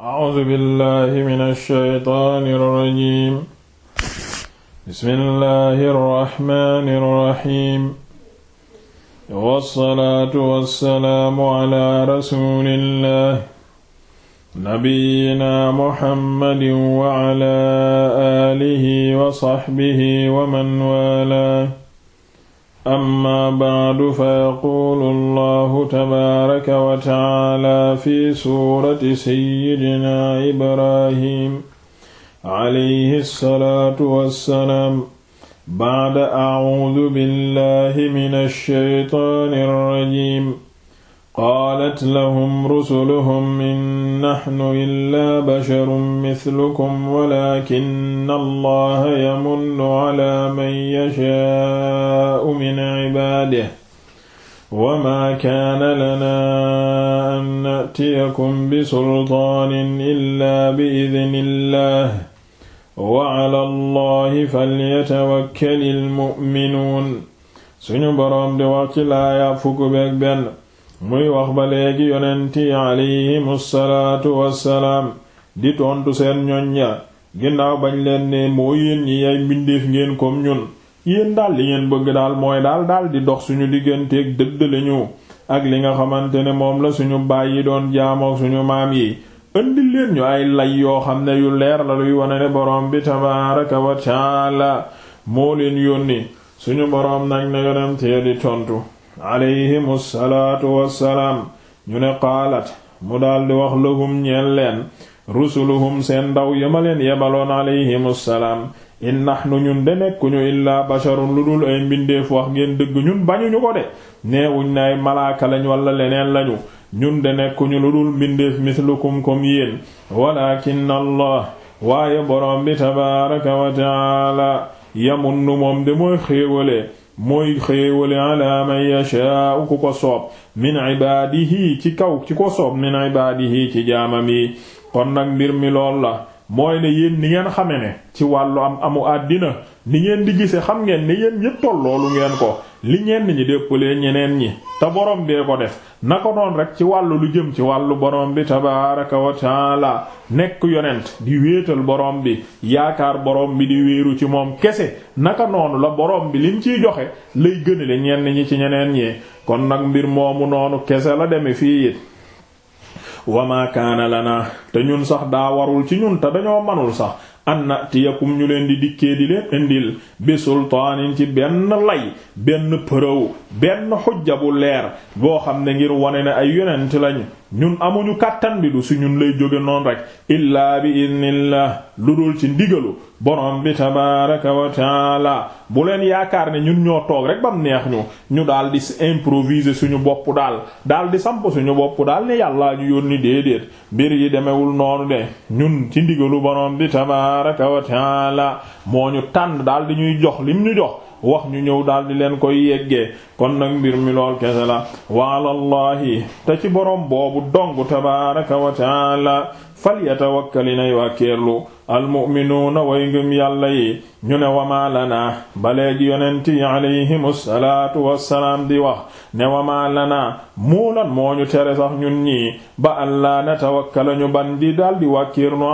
A'uuzu billahi mina shaytaani rajiim. Bismillahi rahmaani rahiim. Wassalaatu wassalaamu ala rasuulillah. Nabiyyina Muhammadin wa ala aalihi wa sahbihi wa man waalaahu. amma bacdu fa yaquulu allahu tabaaraka wa tacaala fi suurati sayyidina ibrahim alayhi salaatu wassalaam bacda acuudu billahi mina shaytaani rajiim qaalat lahum rusuluhum in naxnu illaa basharun mislukum walaakinna allaha yamunnu calaa man yashaa'u min cibaadihi wamaa kaana lanaa an na'tiyakum bisultaanin illaa biidnillahi wa calaa allahi falyatawakkali almu'minuun suñu boroom di wax ci laaya fukk ak benn muy wax ba léegi yonent yi aleyhimu salaatu wassalaam di tontu seen ñoñ ya ginnaaw bañ leen ne moo yéen ñi ay mbindeef ngeen comme ñun yéen daal li ngeen bëgg daal mooy daal daal di dox suñu digganteeg dëdd lañu ak li nga xamante ne moom la suñu baay yi doon jaamoo suñu maam yi indi leen ñu ay lay yoo xam ne yu leer la luy wane ne boroom bi tabaaraka wa taala moo leen yónni suñu boroom nag na yonent di tontu alayhim salaatu wassalaam ñu ne qaalat mu daldi wax lahum ñeel leen rusuluhum seen ndaw yamaleen yebaloon alayhim salaam nax nahnu ñun de nekkuñu illaa basharun lu dul ay mbindeef wax ngeen dëgg ñun bañuñu ko de neewuñ nay malaaka lañ walla leneen lañu ñun de nekkuñu lu dul mbindeef mislukum kom yéen walakin allah waaye borom bi tabaaraka wa taala yamunnu moom de mooy xéewale mooy xéewale ala man yashaa'u ku ko soob min ibaadihi ci kaw ci ko soob min ibaadihi ci jaamam yi kon nag mbir mi lool la mooy ne yéen ni ngeen xame ne ci wàllu am amu àddina ni ngeen di gise xam ngeen ne yéen ñépp tolloolu ngeen ko li ñenn ñi déppalee ñeneen ñi te borom bee ko def na ko noon rek ci wàllu lu jëm ci wàllu boroom bi tabaaraka wa taala nekk yonent di wéetal boroom bi yaakaar borom bi di wéeru ci moom kese naka noonu la borom bi lim ciy joxe lay gënale ñenn ñi ci ñeneen ñi kon nag mbir moomu noonu kese la deme fii it wa ma lana te ñun sax daa warul ci ñun te dañoo manul sax an natiyakum ñu leen di dikkee di leen indil bi sultaanin ci benn lay benn përëw benn xujja bu leer boo xam ne ngir wone ne ay yonent lañu ñun amuñu kàttan bi du si ñun lay jóge noonu rek illaa bi idnillah lu dul ci ndigalu borom bi tabaaraka wa taala bu leen yaakaar ne ñun ñoo toog rek ba neex ñu ñu daal di improviser suñu bopp daal daal di samp suñu bopp daal ne yàllaa ñu yónni déedéet mbir yi demewul noonu de ñun ci ndigalu borom bi tabaaraka wa taala moo ñu tànn daal di ñuy jox lim ñu jox wax ñu ñëw daal di leen koy yeggee kon nag mbir mi lool kese la waalallahi te ci borom boobu dong tabaraka wa taala falyatawakkali nay wàkkeerlu almuminuuna way ngëm yàlla yi ñu ne wamaalanaa baleegi yonent yi alayhim asalatu wassalaam di wax ne wamaalanaa muulan moo ñu tere sax ñun ñii ba allaa natawakkala ñu ban di daal di wàkkeerlu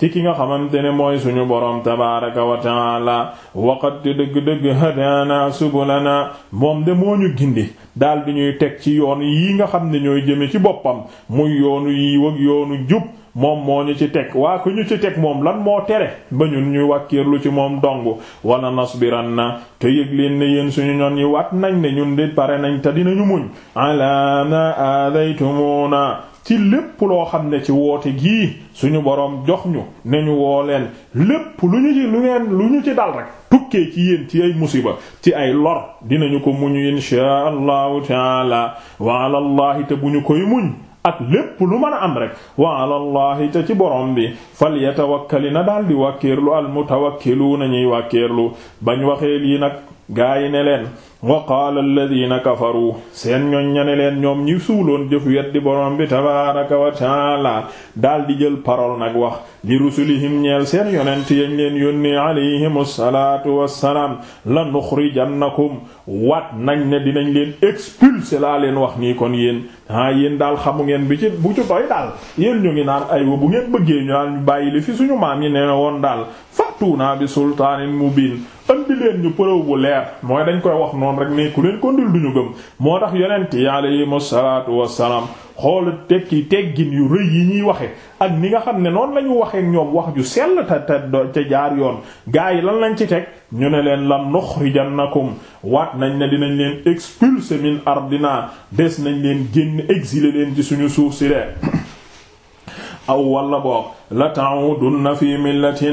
ci ki nga xamante ne mooy suñu boroom tabaaraka wa la waqat te dëgg-dëgg hadaana subulana moom de moo ñu gindi daal di ñuy teg ci yoon yi nga xam ne ñooy jëme ci boppam muy yoonu yiw ak yoonu jub moom moo ñu ci teg waa ku ñu ci teg moom lan moo tere ba ñun ñuy lu ci moom dong wala nasbiran na te yëg leen ne yéen suñu ñoon yi wat nañ ne ñun de pare nañ te dinañu muñ ala ma aadaytumuna ci lépp loo xam ne ci woote gii suñu boroom jox ñu ne ñu wooleel lépp lu ñu ci lu ngeen lu ñu ci dal rek tukkee ci yéen ci ay musiba ci ay lor dinañu ko muñu inshaa allahu taala wa ala te bu ñu koy muñ ak lépp lu mën a am rek wa ala allahi te ci borom bi falyatawakkali na daal di wàkkeerlu al na ñuy wàkkeerlu bañ waxee lii nag gaa yi ne leen wa qaala alladina kafaru seen ñoñ ña ne leen ñoom ñi suuloon jëf weddi borom bi tabaaraka wa taala daal di jël parole nag wax li rusulihim ñeel seen yonent yañ leen yónnee alayhimu salaatu wassalaam la nuxrijannakum waat nañ ne dinañ leen expulser laa leen wax nii kon yéen ah yéen daal xamu ngeen bi ci bu ci doy daal yéen ñu ngi naan aywa bu ngeen bëggee ñu naan bàyyi li fi suñu maam yi nee woon daal fàttuunaa bi sultaanin mubiin andi leen ñu preuve bu leer mooy dañ koy wax noonu rek mais ku leen ko ndil duñu gëm moo tax yonent yi alayhimu salaatu wassalaam xool tekki teggin yu rëy yi ñuy waxe ak ni nga xam ne noonu la ñu waxee ñoom wax ju sell te te te jaar yoon gaa yi lan lañ ci teg ñu ne leen lan nuxrijannakum wat nañ ne dinañ leen expulser min ardina des nañ leen génn exiler leen ci suñu suuf si de aw wala boog la ta'udunna fi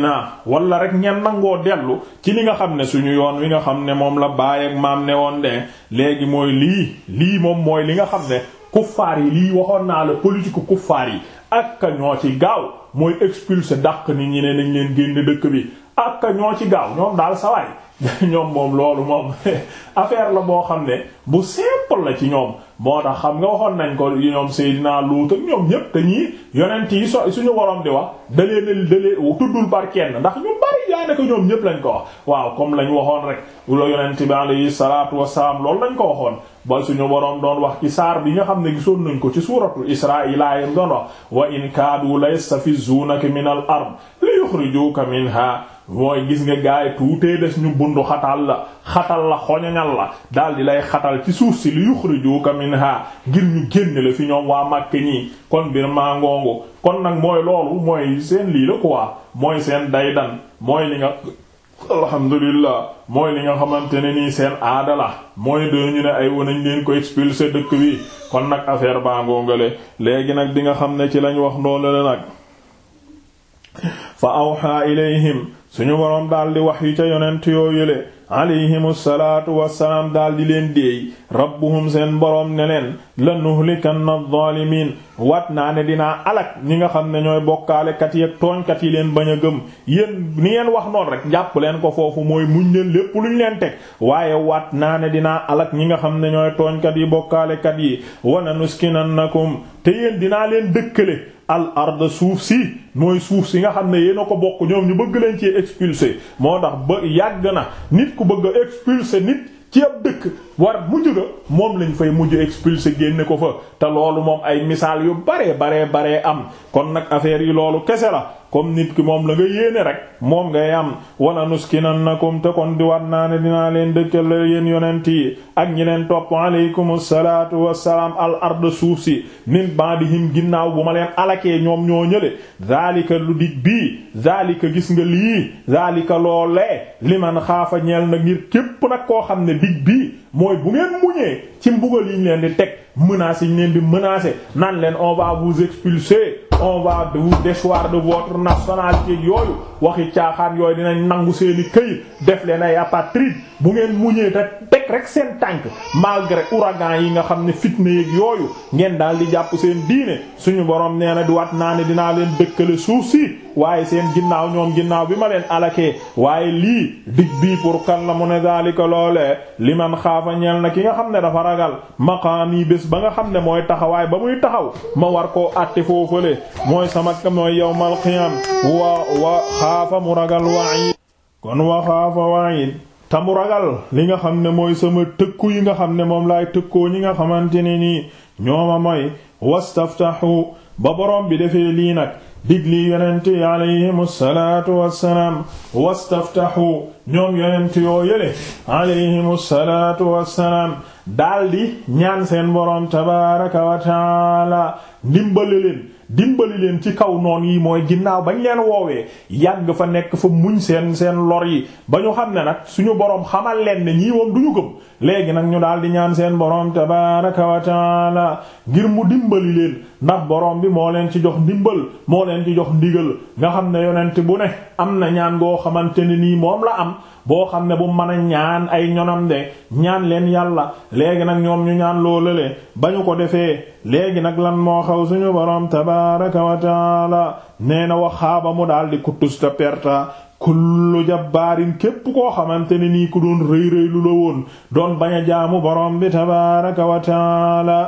naa wala rek ngeen nangoo dellu ci li nga xam ne suñu yoon wi nga xam ne moom la baay ak maam ne woon de léegi mooy lii lii moom mooy li nga xam ne kuffaar yi lii waxoon naa la politique kuffaar yi ak ñoo ci gaaw mooy expulser dàq ni ñu ne nañ leen génn dëkk bi ak ñoo ci gaaw ñoom daal sawaay ñoom moom loolu moom affaire la boo xam ne bu simple la ci ñoom moo tax xam nga waxoon nañ ko ñoom Seydina Luut ak ñoom ñépp dañuy yonent yi so suñu waroon di wax da leen da leen tuddul par kenn ndax ñu bari daanaka ñoom ñépp lañ ko wax waaw comme lañ waxoon rek la yonent bi alayhi salaatu wassalaam loolu lañ ko waxoon ba suñu boroom doon wax ci saar bi nga xam ne gisoon nañ ko ci suuratul Israa laayam doon wax wa in kaadu la yastafizuunaka min al ard li mooy gis nga gaay tuutee des ñu bundu xatal la xatal la xoñoñal la daal lay xatal ci suuf si li yuxrijuka minha ngir ñu génn la fi ñoom waa màkk ñii kon bir maa ngoongu kon nag mooy loolu mooy seen lii la quoi mooy seen day dan mooy li nga alhamdulillah mooy li nga xamante ne nii seen aadala la mooy doo ñu ne ay wanañ leen ko expulser dëkk bi kon nag affaire baa ngongale léegi nag di nga xam ne ci lañ wax noonu la nag fa awha ilayhim suñu boroom daal di wax yu ca yonent yooyule alayhimu salaatu wassalaam daal di leen déey rabbuhum seen boroom ne leen lanuhlikanna zaalimiin wat naa ne dinaa alak ñi nga xam ne ñooy bokkaalekat yi ak tooñkat yi leen bañ a gëm yéen ni ngeen wax noonu rek jàpp leen ko foofu mooy muñ leen lépp luñ leen teg waaye wat naa ne dinaa alak ñi nga xam ne ñooy tooñkat yi bokkaalekat yi wa lanuskinannakum te yen dinaa leen dëkkale al ard suuf si mooy suuf si nga xam ne yéen a ko bokk ñoom ñu bëgg leen ci expulser moo tax ba yàgg na nit ku bëgg a expulser nit ci ab dëkk war mujj ga moom lañ fay mujj expulsé génne ko fa te loolu moom ay misaal yu baree baree baree am kon nag affaire yi loolu kese la comme nit ki moom la nga yéene rek moom ngay am wala nuskinannakum te kon di war naa ne dinaa leen dëkkal yéen yonent yi ak ñi leen topp aleykum salaatu wassalaam al ard suuf si min ba'dihim ginnaaw bu ma leen alakee ñoom ñoo ñële zaalika lu dig bii zaalika gis nga lii zaalika loolee li man xaafa ñeel na ngir képp nag koo xam ne dig bii mooy bu ngeen muñee ci mbugal yi ñu leen di teg menaces yi ñu leen di menacer naan leen on va vous expulser on va vous déchoir de votre nationalité yooyu waxi caaxaan yooyu dinañ nangu seeni këyit def leen ay apatride bu ngeen muñee te teg rek seen tànk malgré ouragan yi nga xam ne fitna yeeg yooyu ngeen daal di jàpp seen diine suñu borom nee na di wat naa ne dinaa leen dëkkale suuf si waaye seen ginnaaw ñoom ginnaaw bi ma leen alakee waaye lii dig bii pour kan la mu ne daalika loole li man xaafa ñeel na ki nga xam ne dafa ragal maqaam yi bés ba nga xam ne mooy taxawaay ba muy taxaw ma war koo àtte mooy sama mooy yawmal qiyam xaafa mu ragal wa'iid kon wa li nga xam ne mooy sama tëkku yi nga xam ne moom laay tëkkoo ñi nga xamante ni nii ñooma mooy wastaftahu ba boroom bi defee lii nag digli yonente yi alayhim salaatu wassalaam wastaftahu ñoom yonent yoo yële alayhim salaatu wassalaam daldi ñaan seen boroom tabaaraka wa taala ndimbali leen dimbali leen ci kaw noon yii mooy ginnaaw bañ leen woowee yàgg fa nekk fa muñ seen seen lor yi ba ñu xam ne nag suñu boroom xamal leen ne ñii woon du ñu gëm léegi nag ñu daal di ñaan seen boroom tabaaraka wa taala ngir mu dimbali leen ndax boroom bi moo leen ci jox ndimbal moo leen ci jox ndigal nga xam ne yonent bu ne am na ñaan goo xamante ne nii moom la am boo xam ne bu mën a ñaan ay ñonam de ñaan leen yàlla léegi nag ñoom ñu ñaan loolale ba ñu ko defee léegi nag lan moo xaw suñu borom tabaaraka wa taala nee na waxaaba mu daal di kuttus ta perta kullu jabbaarin képp koo xamante ne nii ku doon rëy rëy la woon doon bañ jaamu borom bi tabaaraka wa taala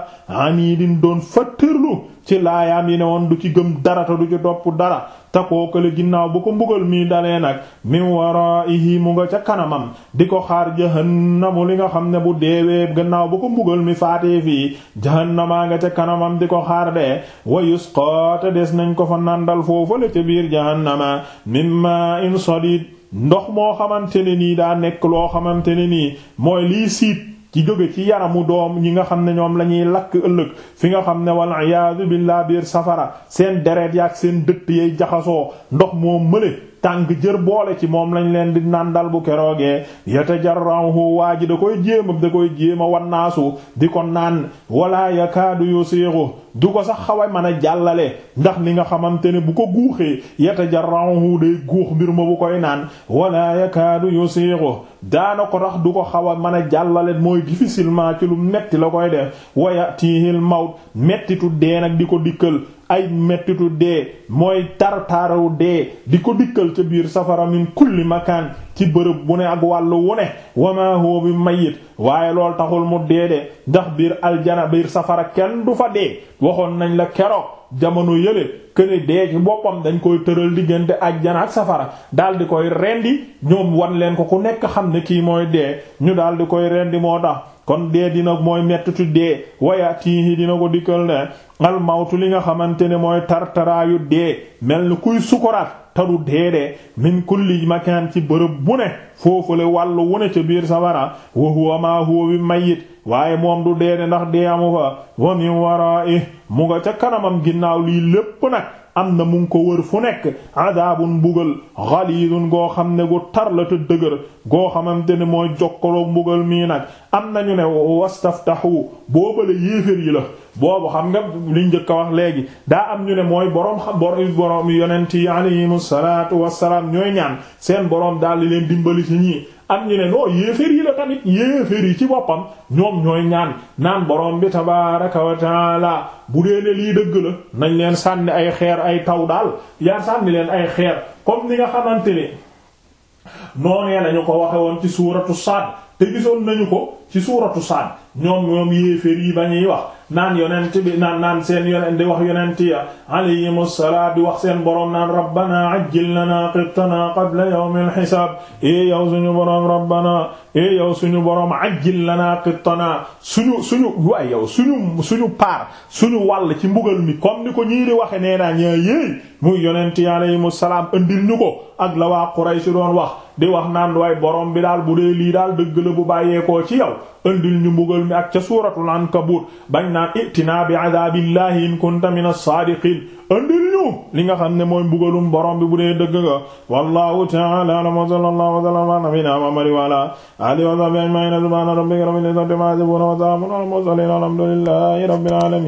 anii din doon fàttërlu ci laayaam yi ne woon du ci gëm dara te du ci topp dara te kookale ginnaaw bu ko mbugal mii dalee nag min waraihi mu nga ca kanamam di ko xaar jahannamu li nga xam ne bu deewee gannaaw bu ko mbugal mi faatee fii jahannamaa nga ca kanamam di ko xaar de wa yusqa te des nañ ko fa nandal foofu ca biir jahannama ma in sadid ndox moo xamante ne nii daa nekk loo xamante ne nii mooy lii siit ci jóge ci yaramu doom ñi nga xam ne ñoom la ñuy lakk ëllëg fi nga xam ne wal iyaadu billaah biir safara seen deret yaak seen dëtt yay jaxasoo ndox moo mële tànk jër boole ci moom lañ leen di nàndal bu keroogee yatajarrahu waa ji da koy jéem da koy jéem a wannaasu di ko naan wala yakaadu yusiixu du ko sax xaw a mën a jàllale ndax li nga xamante ne bu ko guuxee yatajarrahu day guux mbir ma bu koy naan wala yakaadu yusiiru daana ko tax du ko xaw a mën a jàllale mooy difficilement ci lu metti la koy def waya tiihil mawt mettitu dee nag di ko dikkal ay mettitu dee mooy tartarawu dee di ko dikkal ca biir safara min kulli makaan ci bërëb bu ne ak wàllu wu ne wa ma bi mayyit waaye lool taxul mu dee de ndax biir aljana biir safara kenn du fa dee waxoon nañ la keroog jamono yële këne dee ci boppam dañ koy tëral diggante ajjana ak safara daal di koy rendi ñoom wan leen ko ku nekk xam ne kii mooy dee ñu daal di koy rendi moo tax kon dee dina mooy mettitu dee waya tiihi dina ko dikkal ne almawtu li nga xamante ne mooy tartaraayu dee mel ni kuy sukuraat taru deedee min kulli makaan ci bërëb bu ne foofule wàllu wu ca biir safara wa huwa maa huwa bi mayit waaye moom du deede ndax dee amu fa wa min waraa'i mu nga ca kanamam ginnaaw lii lépp nag am na mu ko wër fu nekk adaabun mbugal xaliidun goo xam ne gu tar la te dëgër goo xamante ne mooy jokkaloog mbugal mii nag am nañu ne wastaftahu boobale yéefér yi la boobu xam nga liñ njëkk a wax léegi daa am ñu ne mooy boroom xam boroom yonent yi alayhimu salaatu wassalaam ñooy ñaan seen boroom daal di leen dimbali ci ñii am ñu ne noo yéeféer yi la tamit yéeféer yi ci boppam ñoom ñooy ñaan naan boroom bi tabaaraka wa taala bu dee ne lii dëgg la nañ leen sànni ay xeer ay taw daal yaa sànni leen ay xeer comme ni nga xamante ne noonee lañu ko waxe woon ci suuratu Saad te gisoon nañu ko ci suuratu Saad ñoom ñoom yéeféer yi bañuy wax naan yonent bi naan seen yonent di wax yonent ya alayhimu salaam di wax seen boroom naan rabbana ajjil lana qittanaa qabla yawmil hisaab ee eh yow suñu boroom rabbana ee eh yow suñu boroom ajjil lana qittanaa suñu suñu ay yow su suñu paar suñu wàll ci mbugal mi comme ni ko ñii di waxe nee naa ñaa yéey muy yonent yi alayhimu salaam andil ñu ko ak la waa Quraysh doon wax di wax naan waay boroom bi daal bu dee lii daal dëgg la bu bàyyeekoo ci juróom bi ak ca suuratul ankabut bañ naan itina bi adabillahi in kunta min as-saadiqin andil ñu li nga xam ne mooy mbugalum borom bi bu dee dëgg nga wallahu ta'ala a'lam wa sallallahu wa sallama ala nabiyyina muhammadin wa ala alihi wa sahbihi ajma'in subhana rabbika rabbil izzati amma yasifun wa salamun ala al mursalin walhamdulillahi rabbil alamin